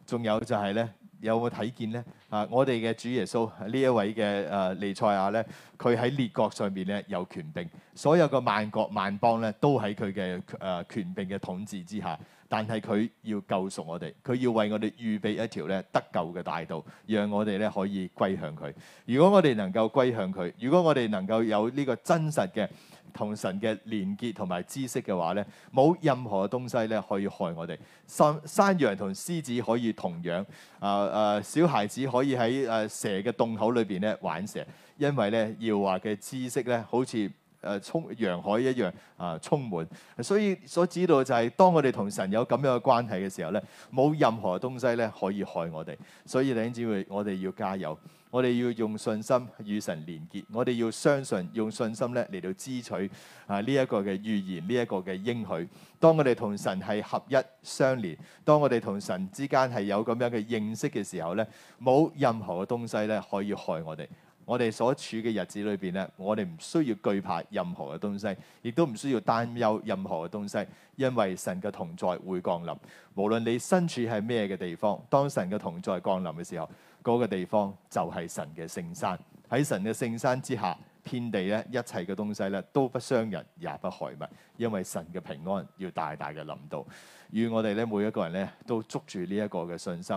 仲有就係咧，有冇睇見咧？啊，我哋嘅主耶穌、啊、呢一位嘅誒彌賽亞咧，佢喺列國上面咧有權柄，所有嘅萬國萬邦咧都喺佢嘅誒權柄嘅統治之下。但係佢要救贖我哋，佢要為我哋預備一條咧得救嘅大道，讓我哋咧可以歸向佢。如果我哋能夠歸向佢，如果我哋能夠有呢個真實嘅同神嘅連結同埋知識嘅話咧，冇任何嘅東西咧可以害我哋。山山羊同獅子可以同樣，啊、呃、啊、呃、小孩子可以喺誒蛇嘅洞口裏邊咧玩蛇，因為咧要話嘅知識咧好似。誒充洋海一樣啊，充滿。所以所指導就係、是、當我哋同神有咁樣嘅關係嘅時候咧，冇任何東西咧可以害我哋。所以弟兄姊妹，我哋要加油，我哋要用信心與神連結，我哋要相信用信心咧嚟到支取啊呢一、這個嘅預言，呢、這、一個嘅應許。當我哋同神係合一相連，當我哋同神之間係有咁樣嘅認識嘅時候咧，冇任何嘅東西咧可以害我哋。我哋所處嘅日子裏邊咧，我哋唔需要懼怕任何嘅東西，亦都唔需要擔憂任何嘅東西，因為神嘅同在會降臨。無論你身處係咩嘅地方，當神嘅同在降臨嘅時候，嗰個地方就係神嘅聖山。喺神嘅聖山之下，遍地咧一切嘅東西咧都不傷人，也不害物，因為神嘅平安要大大嘅臨到。願我哋咧每一個人咧都捉住呢一個嘅信心，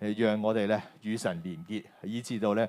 誒，讓我哋咧與神連結，以至到咧。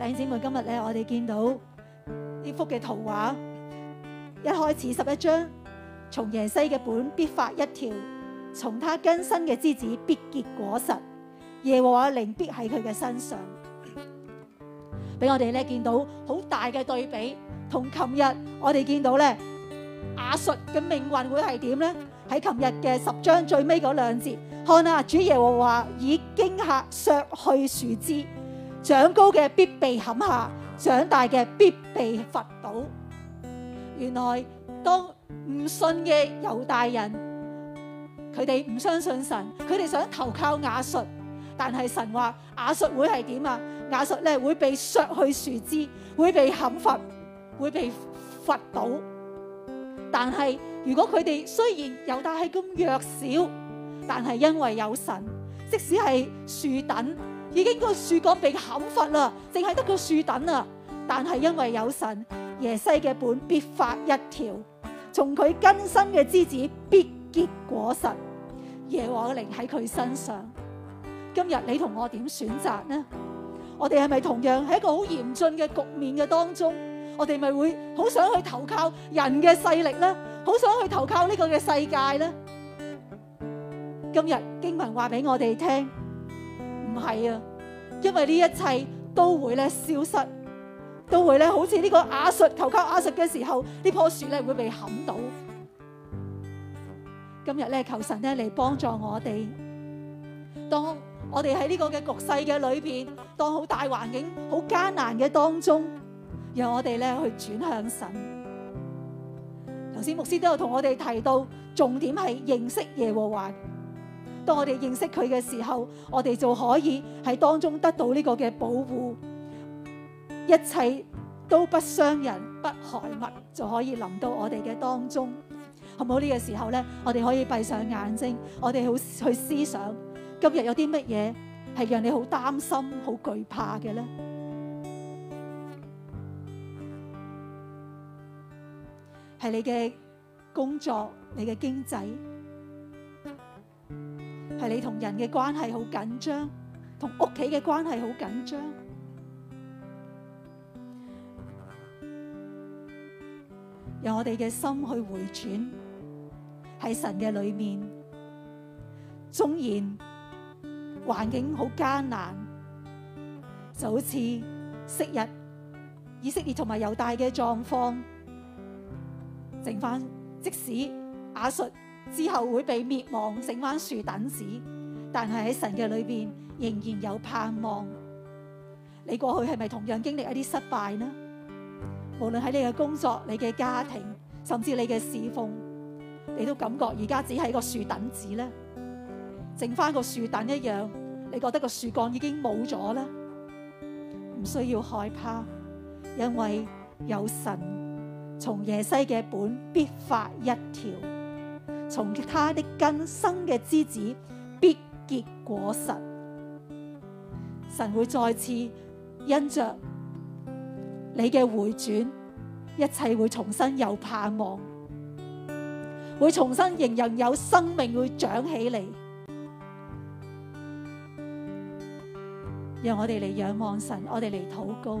弟兄姊妹，今日咧，我哋見到呢幅嘅圖畫，一開始十一章，從耶西嘅本必發一條，從他根生嘅枝子必結果實，耶和華靈必喺佢嘅身上，俾我哋咧見到好大嘅對比，同琴日我哋見到咧亞述嘅命運會係點咧？喺琴日嘅十章最尾嗰兩節，看啊，主耶和華以驚嚇削去樹枝。長高嘅必被砍下，長大嘅必被伐倒。原來當唔信嘅猶大人，佢哋唔相信神，佢哋想投靠亞述，但係神話亞述會係點啊？亞述咧會被削去樹枝，會被砍伐，會被伐倒。但係如果佢哋雖然猶大係咁弱小，但係因為有神，即使係樹等。已經個樹幹被砍伐啦，淨係得個樹頂啦。但係因為有神，耶西嘅本必發一條，從佢根生嘅枝子必結果實。耶和華嘅靈喺佢身上。今日你同我點選擇呢？我哋係咪同樣喺一個好嚴峻嘅局面嘅當中？我哋咪會好想去投靠人嘅勢力呢？好想去投靠呢個嘅世界呢？今日經文話俾我哋聽。唔係啊，因為呢一切都會咧消失，都會咧好似呢個亞述求靠亞述嘅時候，呢棵樹咧會被砍倒。今日咧求神咧嚟幫助我哋，當我哋喺呢個嘅局勢嘅裏邊，當好大環境好艱難嘅當中，讓我哋咧去轉向神。頭先牧師都有同我哋提到，重點係認識耶和華。當我哋認識佢嘅時候，我哋就可以喺當中得到呢個嘅保護，一切都不傷人不害物，就可以臨到我哋嘅當中，好唔好？呢個時候呢，我哋可以閉上眼睛，我哋好去思想，今日有啲乜嘢係讓你好擔心、好懼怕嘅呢？係你嘅工作，你嘅經濟。係你同人嘅關係好緊張，同屋企嘅關係好緊張。讓我哋嘅心去回轉，喺神嘅裏面，縱然環境好艱難，就好似昔日以色列同埋猶大嘅狀況，剩翻即使亞述。之後會被滅亡，整翻樹墩子。但係喺神嘅裏邊，仍然有盼望。你過去係咪同樣經歷一啲失敗呢？無論喺你嘅工作、你嘅家庭，甚至你嘅侍奉，你都感覺而家只係個樹墩子咧，剩翻個樹墩一樣。你覺得個樹幹已經冇咗咧？唔需要害怕，因為有神從耶西嘅本必發一條。從他的根生嘅枝子必結果實。神會再次因着你嘅回轉，一切會重新有盼望，會重新仍然有生命會長起嚟。讓我哋嚟仰望神，我哋嚟禱告。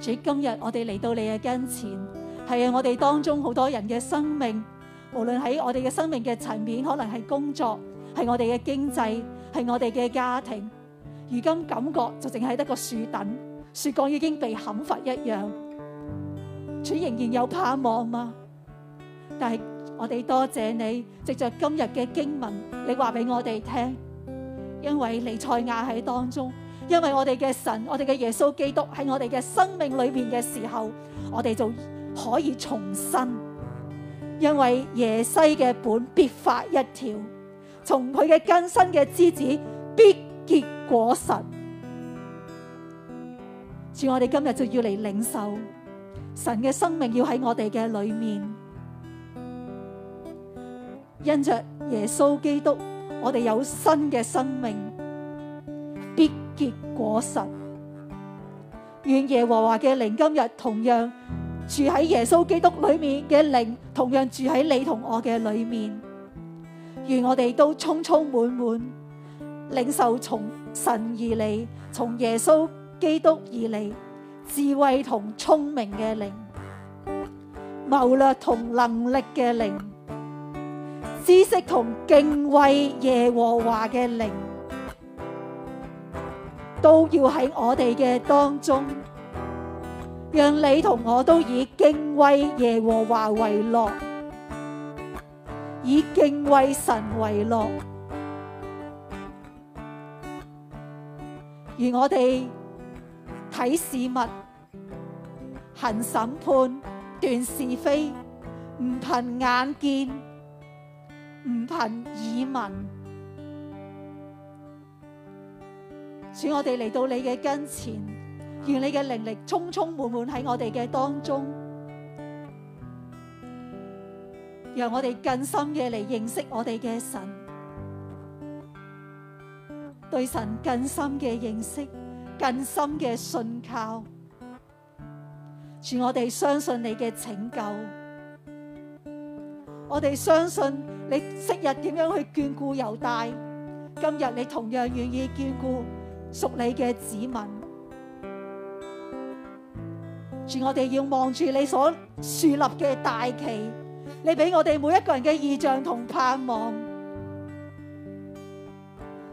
主今日我哋嚟到你嘅跟前，係我哋當中好多人嘅生命。無論喺我哋嘅生命嘅層面，可能係工作，係我哋嘅經濟，係我哋嘅家庭，如今感覺就淨係得個樹墩，樹幹已經被砍伐一樣。主仍然有盼望嗎？但係我哋多謝你，藉着今日嘅經文，你話俾我哋聽，因為尼賽亞喺當中，因為我哋嘅神，我哋嘅耶穌基督喺我哋嘅生命裏邊嘅時候，我哋就可以重生。因為耶西嘅本必發一條，從佢嘅根生嘅枝子必結果實。主，我哋今日就要嚟領受神嘅生命，要喺我哋嘅裡面。因着耶穌基督，我哋有新嘅生命，必結果實。願耶和華嘅靈今日同樣。住喺耶穌基督裏面嘅靈，同樣住喺你同我嘅裏面，願我哋都充充滿滿，領受從神而嚟、從耶穌基督而嚟、智慧同聰明嘅靈、謀略同能力嘅靈、知識同敬畏耶和華嘅靈，都要喺我哋嘅當中。讓你同我都以敬畏耶和華為樂，以敬畏神為樂。而我哋睇事物、行審判、斷是非，唔憑眼見，唔憑耳聞，使我哋嚟到你嘅跟前。願你嘅靈力充充滿滿喺我哋嘅當中，讓我哋更深嘅嚟認識我哋嘅神，對神更深嘅認識、更深嘅信靠，願我哋相信你嘅拯救，我哋相信你昔日點樣去眷顧猶大，今日你同樣願意眷顧屬你嘅子民。主，我哋要望住你所樹立嘅大旗，你俾我哋每一個人嘅意象同盼望。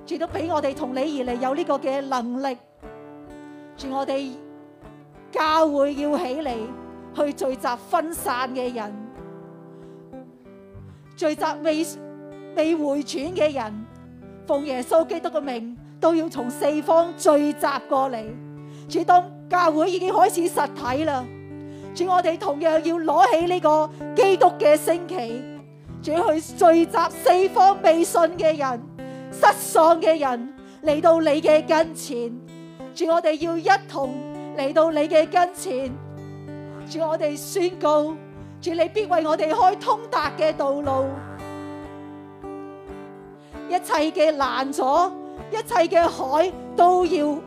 主都俾我哋同你而嚟，有呢個嘅能力。主，我哋教會要起嚟，去聚集分散嘅人，聚集未未回轉嘅人，奉耶穌基督嘅名，都要從四方聚集過嚟。主當。教會已經開始實體啦，主，我哋同樣要攞起呢個基督嘅升旗，主去聚集四方未信嘅人、失喪嘅人嚟到你嘅跟前，主，我哋要一同嚟到你嘅跟前，主，我哋宣告，主，你必為我哋開通達嘅道路，一切嘅難阻、一切嘅海都要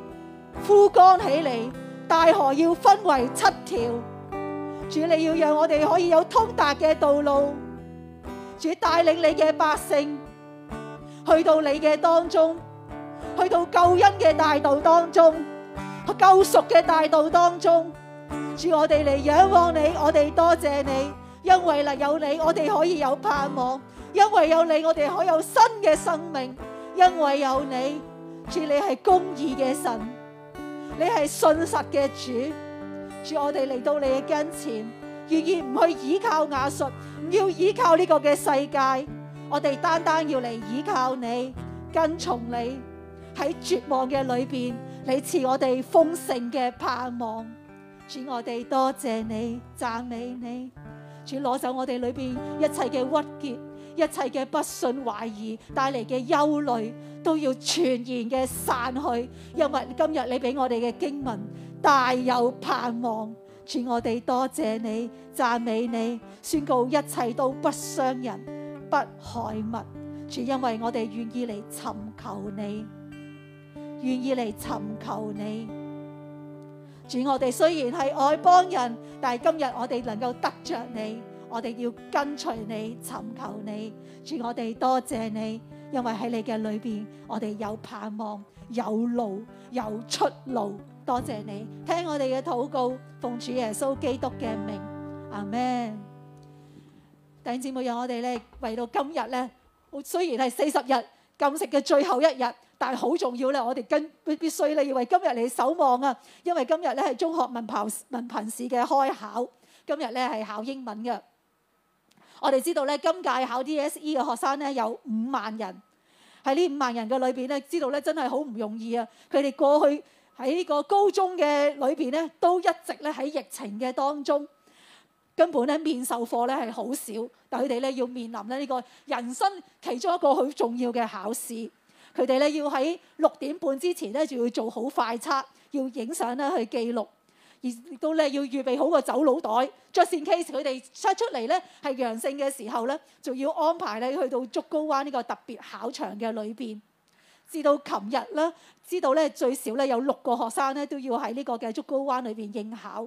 枯乾起嚟。大河要分為七條，主你要讓我哋可以有通達嘅道路，主帶領你嘅百姓去到你嘅當中，去到救恩嘅大道當中，救贖嘅大道當中，主我哋嚟仰望你，我哋多謝你，因為啦有你，我哋可以有盼望，因為有你，我哋可以有新嘅生命，因為有你，主你係公義嘅神。你係信實嘅主，主，主我哋嚟到你嘅跟前，願意唔去依靠亞述，唔要依靠呢個嘅世界，我哋單單要嚟依靠你，跟從你喺絕望嘅裏邊，你賜我哋豐盛嘅盼望，主我哋多謝你，讚美你，主攞走我哋裏邊一切嘅鬱結。一切嘅不信懷疑帶嚟嘅憂慮都要全然嘅散去，因為今日你俾我哋嘅經文大有盼望。主，我哋多謝你，讚美你，宣告一切都不傷人、不害物。主，因為我哋願意嚟尋求你，願意嚟尋求你。主，我哋雖然係外邦人，但係今日我哋能夠得着你。我哋要跟隨你、尋求你，主，我哋多謝你，因為喺你嘅裏邊，我哋有盼望、有路、有出路。多謝你，聽我哋嘅禱告，奉主耶穌基督嘅名，阿門。弟兄姊妹，讓我哋咧，為到今日咧，雖然係四十日禁食嘅最後一日，但係好重要咧。我哋跟必必須咧，為今日嚟守望啊，因為今日咧係中學文憑文憑試嘅開考，今日咧係考英文嘅。我哋知道咧，今屆考 DSE 嘅學生咧有五萬人，喺呢五萬人嘅裏邊咧，知道咧真係好唔容易啊！佢哋過去喺呢個高中嘅裏邊咧，都一直咧喺疫情嘅當中，根本咧面授課咧係好少，但佢哋咧要面臨咧呢個人生其中一個好重要嘅考試，佢哋咧要喺六點半之前咧就要做好快測，要影相咧去記錄。亦都咧要預備好個走佬袋，just in case 佢哋出出嚟咧係陽性嘅時候咧，仲要安排你去到竹篙灣呢個特別考場嘅裏邊。至到琴日咧，知道咧最少咧有六個學生咧都要喺呢個嘅竹篙灣裏邊應考。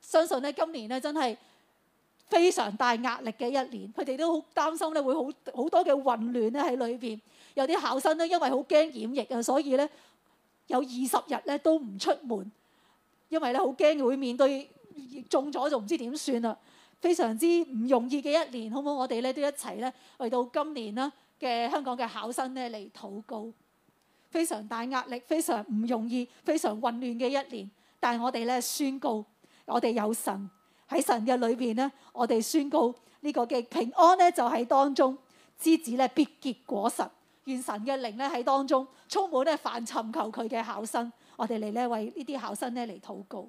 相信咧今年咧真係非常大壓力嘅一年，佢哋都好擔心咧會好好多嘅混亂咧喺裏邊。有啲考生咧因為好驚染疫啊，所以咧有二十日咧都唔出門。因為咧好驚會面對中咗就唔知點算啦，非常之唔容易嘅一年，好唔好？我哋咧都一齊咧嚟到今年啦嘅香港嘅考生咧嚟禱告，非常大壓力，非常唔容易，非常混亂嘅一年。但係我哋咧宣告，我哋有神喺神嘅裏邊咧，我哋宣告呢個嘅平安咧就喺當中，枝子咧必結果實，願神嘅靈咧喺當中充滿咧凡尋求佢嘅考生。我哋嚟呢為呢啲考生呢嚟禱告，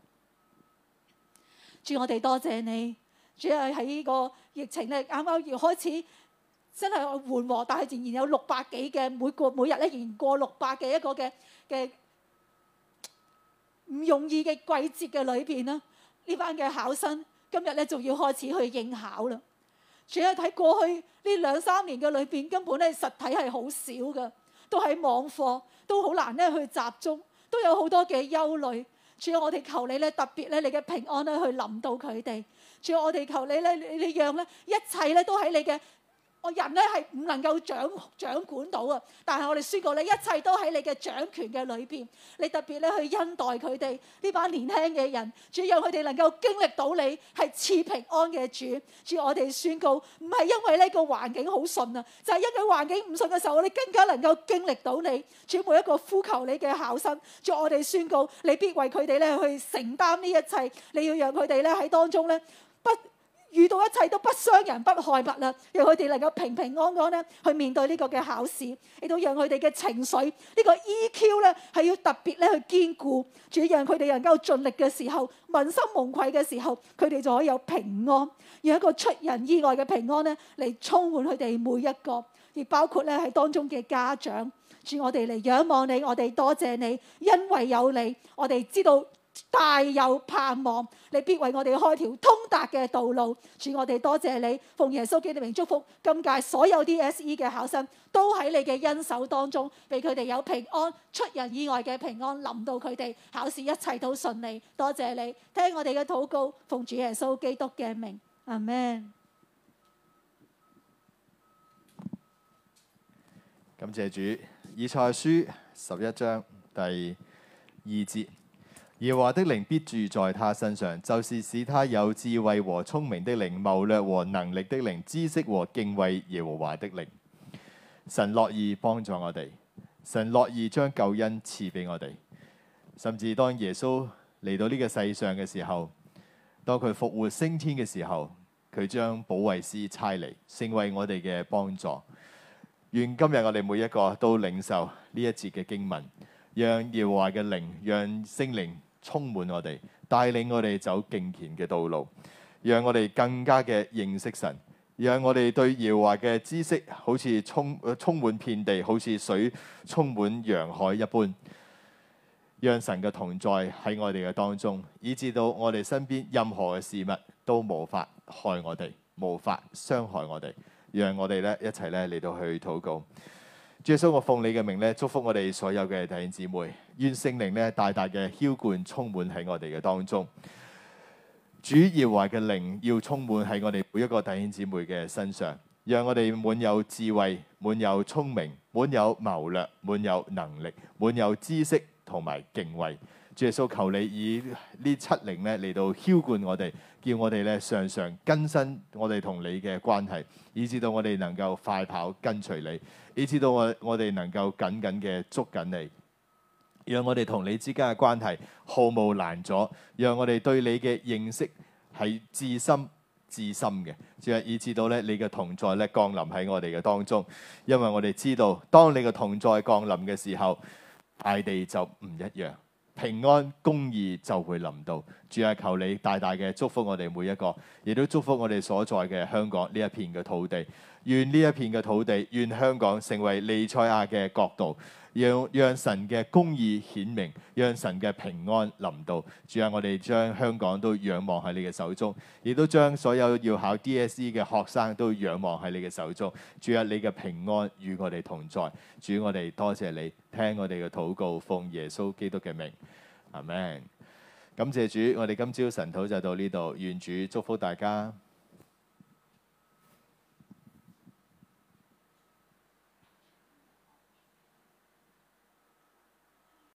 主，我哋多謝你。主啊，喺呢個疫情呢啱啱要開始真係緩和，但係仍然有六百幾嘅每個每日呢，仍然過六百嘅一個嘅嘅唔容易嘅季節嘅裏邊啦。呢班嘅考生今日呢仲要開始去應考啦。主要睇，過去呢兩三年嘅裏邊根本咧實體係好少嘅，都喺網課，都好難呢去集中。都有好多嘅憂慮，主要我哋求你呢特別呢，你嘅平安呢去臨到佢哋。主要我哋求你呢，你你讓咧，一切呢都喺你嘅人咧係唔能夠掌掌管到啊！但係我哋宣告咧，一切都喺你嘅掌權嘅裏邊。你特別咧去恩待佢哋呢班年輕嘅人，主要佢哋能夠經歷到你係賜平安嘅主。主我哋宣告，唔係因為呢個環境好順啊，就係因為環境唔順嘅時候，你更加能夠經歷到你。主，每一個呼求你嘅考生，主我哋宣告，你必為佢哋咧去承擔呢一切。你要讓佢哋咧喺當中咧。遇到一切都不傷人不害物啦，讓佢哋能夠平平安安咧去面對呢個嘅考試，亦都讓佢哋嘅情緒呢個 EQ 咧係要特別咧去兼顧，仲要讓佢哋能夠盡力嘅時候，問心無愧嘅時候，佢哋就可以有平安，讓一個出人意外嘅平安咧嚟充滿佢哋每一個，亦包括咧係當中嘅家長。主我哋嚟仰望你，我哋多謝你，因為有你，我哋知道，大有盼望，你必為我哋開條通達嘅道路。主，我哋多謝，謝你，奉耶穌基督名祝福今屆所有 DSE 嘅考生，都喺你嘅恩手當中，俾佢哋有平安、出人意外嘅平安，臨到佢哋考試，一切都順利。多謝，謝你聽我哋嘅禱告，奉主耶穌基督嘅名，阿門。感謝主，以賽亞書十一章第二節。耶和華的靈必住在他身上，就是使他有智慧和聰明的靈、謀略和能力的靈、知識和敬畏耶和華的靈。神樂意幫助我哋，神樂意將救恩賜俾我哋。甚至當耶穌嚟到呢個世上嘅時候，當佢復活升天嘅時候，佢將保惠師差嚟，成為我哋嘅幫助。願今日我哋每一個都領受呢一節嘅經文，讓耶和華嘅靈，讓聖靈。充滿我哋，帶領我哋走敬虔嘅道路，讓我哋更加嘅認識神，讓我哋對耶和華嘅知識好似充充滿遍地，好似水充滿洋海一般，讓神嘅同在喺我哋嘅當中，以致到我哋身邊任何嘅事物都無法害我哋，無法傷害我哋，讓我哋咧一齊咧嚟到去禱告。主耶穌，我奉你嘅名咧，祝福我哋所有嘅弟兄姊妹。願聖靈咧大大嘅澆灌充滿喺我哋嘅當中。主耶和華嘅靈要充滿喺我哋每一個弟兄姊妹嘅身上，讓我哋滿有智慧、滿有聰明、滿有謀略、滿有能力、滿有知識同埋敬畏。主耶穌，求你以呢七靈咧嚟到澆灌我哋，叫我哋咧常常更新我哋同你嘅關係，以至到我哋能夠快跑跟隨你。以至到我我哋能夠緊緊嘅捉緊你，讓我哋同你之間嘅關係毫無難阻，讓我哋對你嘅認識係至深至深嘅。主啊，以致到咧你嘅同在咧降臨喺我哋嘅當中，因為我哋知道，當你嘅同在降臨嘅時候，大地就唔一樣，平安公義就會臨到。主係，求你大大嘅祝福我哋每一個，亦都祝福我哋所在嘅香港呢一片嘅土地。願呢一片嘅土地，願香港成為利賽亞嘅國度，讓讓神嘅公義顯明，讓神嘅平安臨到。主啊，我哋將香港都仰望喺你嘅手中，亦都將所有要考 DSE 嘅學生都仰望喺你嘅手中。主啊，你嘅平安與我哋同在。主，我哋多謝你聽我哋嘅禱告，奉耶穌基督嘅名，阿門。感謝主，我哋今朝晨禱就到呢度。願主祝福大家。